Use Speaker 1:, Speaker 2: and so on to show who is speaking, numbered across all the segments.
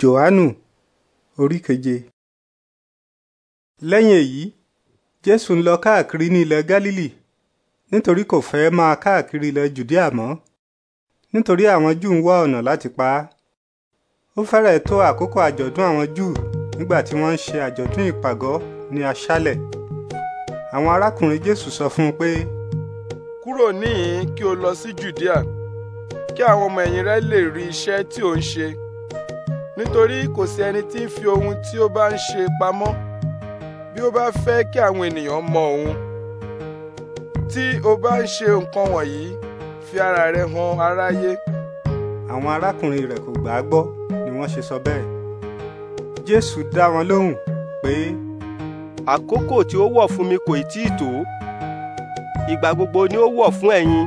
Speaker 1: Jòhánù orí keje. lẹ́yìn èyí jésù ń lọ káàkiri ní ilẹ̀ gálílì nítorí kò fẹ́ máa káàkiri ilẹ̀ jùdíà mọ́ nítorí àwọn júù ń wá ọ̀nà láti pa á ó fẹ́rẹ̀ẹ́ tó àkókò àjọ̀dún àwọn júù nígbà tí wọ́n ń ṣe àjọ̀dún ìpàgọ́ ní aṣálẹ̀ àwọn arákùnrin jésù sọ fún un pé.
Speaker 2: kúrò níhìn kí o lọ sí jùdíà kí àwọn ọmọ ẹ̀yìn rẹ lè rí iṣẹ́ tí ò ń ṣe nítorí kò sí ẹni tí ń fi ohun tí ó bá ń ṣe pamọ́ bí ó bá fẹ́ kí àwọn ènìyàn mọ òun tí o bá ń ṣe nǹkan wọ̀nyí fi ara rẹ hàn aráyé. àwọn arákùnrin rẹ̀ kò gbà á gbọ́ ni
Speaker 1: wọ́n ṣe sọ bẹ́ẹ̀. jésù dá wọn lóhùn pé. àkókò
Speaker 2: tí ó wọ̀ fún mi kò tí ì tó ìgbà gbogbo ni ó wọ̀ fún ẹ̀yin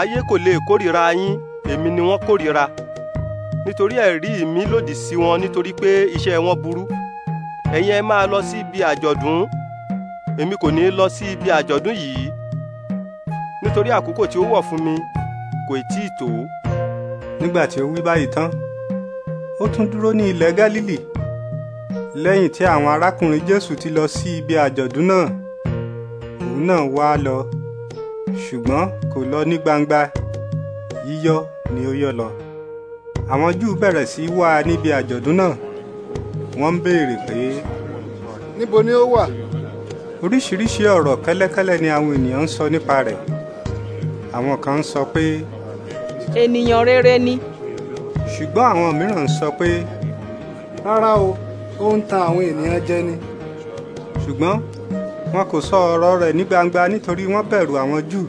Speaker 2: ayé kò lè kórìíra yín èmi ni wọ́n kórìíra nítorí ẹ̀rí mi lòdì sí wọn nítorí pé iṣẹ́ wọn burú ẹ̀yin ẹ máa lọ sí ibi àjọ̀dún èmi kò ní lọ sí ibi àjọ̀dún yìí nítorí àkókò tí ó wọ̀ fún mi kò tí ì tó. nígbà tí ó wí báyìí tán
Speaker 1: ó tún dúró ní ilẹ̀ Gálílì lẹ́yìn tí àwọn arákùnrin Jésù ti lọ sí ibi àjọ̀dún náà òun náà wá lọ ṣùgbọ́n kò lọ ní gbangba yíyọ ni ó yọ lọ àwọn júù bẹ̀rẹ̀ sí í wá a níbi àjọ̀dún náà wọ́n ń béèrè pé. níbo ni ó wà. oríṣiríṣi ọ̀rọ̀ kẹ́lẹ́kẹ́lẹ́ ni àwọn ènìyàn ń sọ nípa rẹ̀ àwọn kan ń sọ pé.
Speaker 2: ènìyàn rere ni.
Speaker 1: ṣùgbọ́n àwọn mìíràn ń sọ pé. rárá o ó ń tan àwọn ènìyàn jẹ ni. ṣùgbọ́n wọn kò sọ ọ̀rọ̀ rẹ̀ ní gbangba nítorí wọ́n bẹ̀rù àwọn júù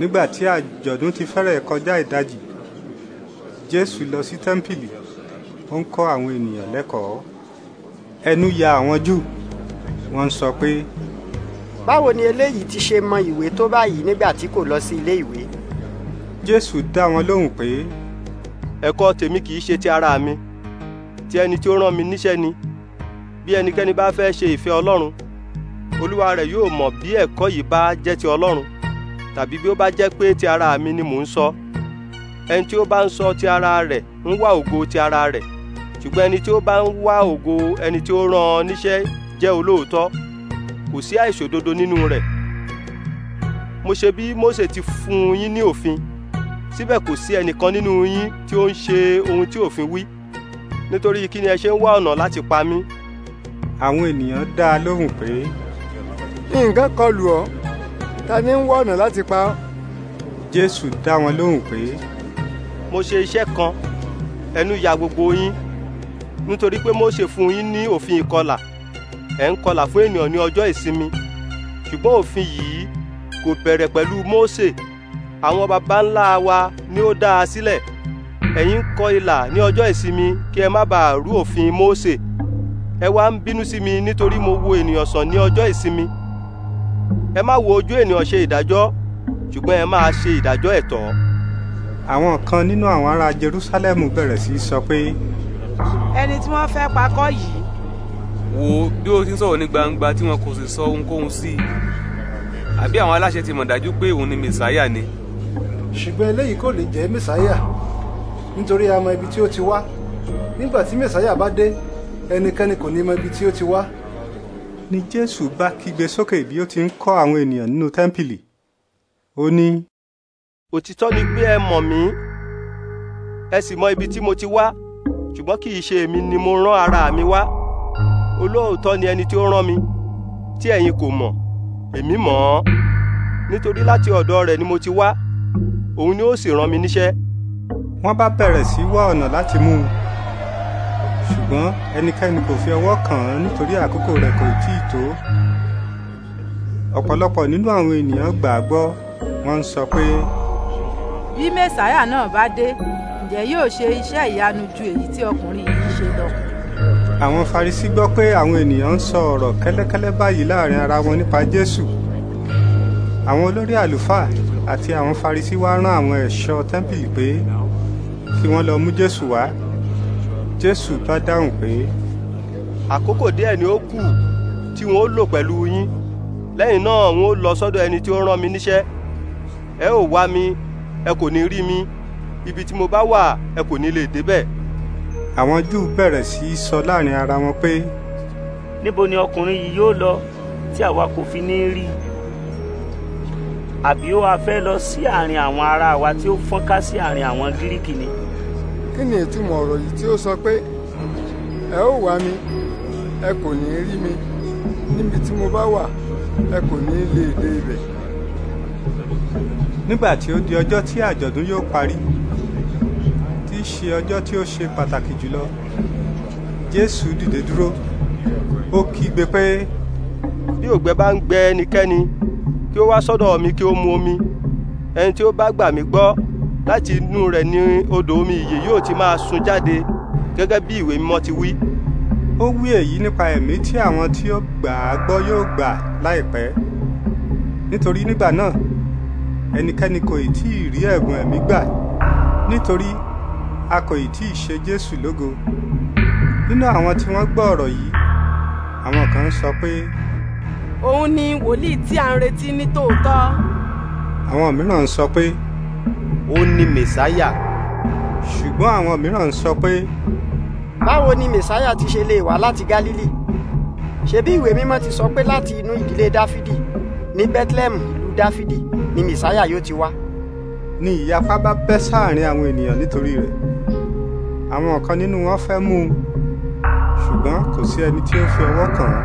Speaker 1: nígbà tí àjọ̀dún ti fẹ́rẹ̀ kọjá ìdajì jésù lọ sí tẹ́ḿpìlì ó ń kọ́ àwọn ènìyàn lẹ́kọ̀ọ́ ẹnu ya àwọn júù wọ́n ń sọ pé. báwo ni eléyìí ti ṣe mọ ìwé tó báyìí nígbà tí kò
Speaker 2: lọ sí ilé ìwé. jésù dá wọn lóhùn pé. ẹ̀kọ́ tèmi kì í ṣe ti ara mi ti ẹni tí ó rán mi níṣẹ́ ni bí ẹnikẹ́ni bá fẹ́ ṣe ìfẹ́ ọlọ́run olúwa rẹ̀ yóò mọ̀ bí ẹ̀kọ́ yìí bá jẹ́ ti ọlọ́run tàbí bí ó bá jẹ́ pé ti ara mi ni mò ń sọ. So ẹni tí ó bá ń sọ ti ara rẹ̀ ń wá ògo ti ara rẹ̀ ṣùgbọ́n ẹni tí ó bá ń wá ògo ẹni tí ó rán níṣẹ́ jẹ́ olóòótọ́ kò sí àìṣòdodo nínú rẹ̀ mo ṣe bí Mósè ti fún yín ní òfin síbẹ̀ kò sí ẹnìkan nínú yín tí ó ń ṣe ohun tí òfin wí nítorí kí ni ẹ ṣe ń wá ọ̀nà láti pa mí.
Speaker 1: àwọn ènìyàn dá a lóhùn pé.
Speaker 2: nǹkan kọlù ọ́ ta ni ń wá ọ̀nà láti pa ọ́. Jésù dá wọn lóhùn pé mo ṣe iṣẹ́ kan ẹnu ya gbogbo yín nítorí pé mo ṣe fún yín ní òfin ìkọlà ẹ̀ ń kọlà fún ènìyàn ní ọjọ́ ìsinmi ṣùgbọ́n òfin yìí kò bẹ̀rẹ̀ pẹ̀lú Mósè àwọn baba ńlá wa ni ó dá a sílẹ̀ ẹ̀yin ń kọ ìlà ní ọjọ́ ìsinmi kí ẹ má bàa rú òfin Mósè ẹ wá ń bínú sí mi nítorí mo wo ènìyàn sàn ní ọjọ́ ìsinmi ẹ má wo ojú ènìyàn ṣe ìdájọ́ ṣùgbọ́n ẹ máa ṣe ìdájọ́ ẹ̀tọ́
Speaker 1: àwọn kan nínú àwọn ará Jerúsálẹ́mù bẹ̀rẹ̀ sí í sọ pé.
Speaker 2: ẹni tí wọ́n fẹ́ pa kọ́ yìí. wo bí ó ti ń sọ̀rọ̀ ní gbangba tí wọn kò sì sọ ohunkóhun sí i àbí àwọn aláṣẹ ti mọ̀ dájú pé òun ni mẹ̀sáyà ni.
Speaker 1: ṣùgbọ́n eléyìí kò lè jẹ́ mẹ̀sáyà nítorí a mọ ibi tí ó ti wá nígbà tí mẹ̀sáyà bá dé ẹnikẹ́ni kò ní mọ ibi tí ó ti wá. ni jésù bá kígbe sókè bí ó ti ń kọ́ àwọn ènìyàn nínú tẹ́ḿpìlì ó
Speaker 2: ní òtítọ́ ni pé ẹ mọ̀ mí ẹ sì mọ ibi tí mo ti wá ṣùgbọ́n kì í ṣe èmi ni mo rán ara mi wá olóòótọ́ ni ẹni tí ó rán mi tí ẹ̀yin kò mọ̀ èmi mọ̀ ọ́ nítorí láti ọ̀dọ̀ rẹ̀ ni mo ti wá òun ni ó sì rán mi níṣẹ́. wọ́n bá bẹ̀rẹ̀ sí wá ọ̀nà láti
Speaker 1: mú un ṣùgbọ́n ẹnikẹ́ni kò fi ọwọ́ kàn án nítorí àkókò rẹ̀ kò tí tó. ọ̀pọ̀lọpọ̀ nínú àwọn ènìyàn gbàgbọ́ wọ́n ń sọ pé
Speaker 2: bí mẹ́sàáyà náà bá dé ǹjẹ́ yóò ṣe iṣẹ́ ìyanu ju èyí tí ọkùnrin yìí ṣe lọ.
Speaker 1: àwọn Farisí gbọ́ pé àwọn ènìyàn ń sọ ọ̀rọ̀ kẹ́lẹ́kẹ́lẹ́ báyìí láàrin ara wọn nípa Jésù àwọn olórí àlùfáà àti àwọn Farisí wá rán àwọn ẹ̀ṣọ́ tẹ́ḿpìlì pé kí wọ́n lọ mú Jésù wá
Speaker 2: Jésù bá dáhùn pé. àkókò díẹ̀ ni ó kù tí wọ́n ó lò pẹ̀lú yín lẹ́yìn náà wọ́n ó lọ sọ́dọ̀ ẹni tí ó rán mi níṣẹ́ ẹ ò wá mi ẹ kò ní rí mi ibi tí mo bá wà ẹ kò ní lè débẹ̀.
Speaker 1: àwọn júù bẹ̀rẹ̀ sí í sọ láàrin ara wọn pé.
Speaker 2: níbo ni ọkùnrin yìí yóò lọ tí àwa kò fi ní rí i àbí ó wá fẹ́ lọ sí àárín àwọn ará wa tí ó fọ́nká sí àárín àwọn gíríkì ni. kí ni ìtumọ̀
Speaker 1: ọ̀rọ̀ yìí tí ó sọ pé ẹ ó wá mi ẹ kò ní rí mi níbi tí mo bá wà ẹ kò ní lè dé ibẹ̀ nígbà tí ó di ọjọ́ tí àjọ̀dún yóò parí tí í ṣe ọjọ́ tí ó ṣe
Speaker 2: pàtàkì jùlọ jésù dìde dúró ó kígbe pé. bí òǹgbẹ bá ń gbẹ ẹnikẹ́ni kí ó wá sọ́dọ̀ mi kí ó mu omi ẹni tí ó bá gbà mí gbọ́ láti inú rẹ̀ ni odò omi ìyè yóò ti máa sun jáde gẹ́gẹ́ bí ìwé mímọ́ ti wí. ó wí èyí nípa ẹ̀mí tí àwọn tí ó
Speaker 1: gbà á gbọ́ yóò gbà láìpẹ́ nítorí nígbà náà ẹnikẹ́ni kò ì tí ì rí ẹ̀bùn ẹ̀mí gbà nítorí a kò ì tí ì ṣe Jésù lógo nínú àwọn tí wọ́n gbọ́ ọ̀rọ̀ yìí àwọn kan ń sọ pé.
Speaker 2: òun ni wòlíì tí a ń retí ní tòótọ́.
Speaker 1: àwọn mìíràn ń sọ pé. ó ní mẹ̀sáyà. ṣùgbọ́n àwọn mìíràn ń sọ pé. báwo ni mẹ̀sáyà ti ṣe lè wá láti Gálílì ṣebí ìwé mímọ́ ti sọ pé láti inú ìdílé Dáfídì ní Bethlehem ìlú Dáfídì ni mìsáyà yóò ti wá. ni ìyapa bá bẹ́ sáàrin àwọn ènìyàn nítorí rẹ̀ àwọn kan nínú wọn fẹ́ mú un ṣùgbọ́n kò sí ẹni tí ó fi ọwọ́ kàn án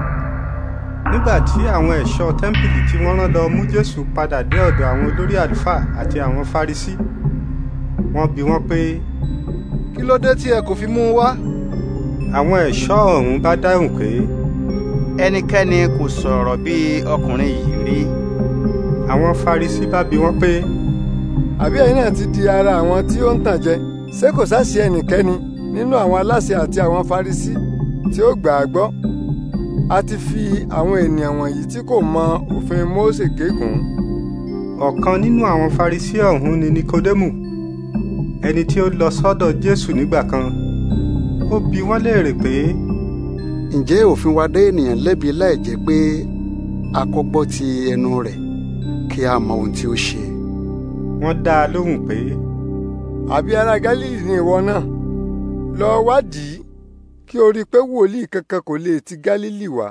Speaker 1: nígbà tí àwọn ẹ̀ṣọ́ tẹ́ḿpìlì tí wọ́n rán lọ mú jésù padà dé ọ̀dọ̀ àwọn olórí àlùfáà àti àwọn fárisí wọ́n bi wọ́n pé. kí ló dé tí ẹ kò fi mú un wá. àwọn ẹ̀ṣọ́ ọ̀hún bá dáhùn pé. ẹnikẹ́ni kò sọ̀rọ̀ bí ọkùnrin yìí rí àwọn Farisí bá bi wọ́n pé. àbí ẹ̀yin náà ti di ara àwọn tí ó ń tàn jẹ ṣé kò sáṣì ẹnìkẹ́ni nínú àwọn aláṣẹ àti àwọn Farisí tí ó gbà á gbọ́ a ti fi àwọn ènìyàn wọ̀nyí tí kò mọ òfin Mósè gégùn. ọ̀kan nínú àwọn Farisí ọ̀hún ni Nikodemu ẹni tí ó lọ sọ́dọ̀ Jésù nígbà kan ó bi wọ́n léèrè pé. ǹjẹ́ òfin wa dá ènìyàn lẹ́bi láì jẹ́ pé a kò gbọ́ ti ẹnu rẹ̀ kí a mọ ohun tí ó ṣe. wọ́n dá a lóhùn pé. àbí ará Gálílì ni ìwọ náà
Speaker 2: lọ wádìí kí o rí i pé wòlíì kankan kò lè ti Gálílì wá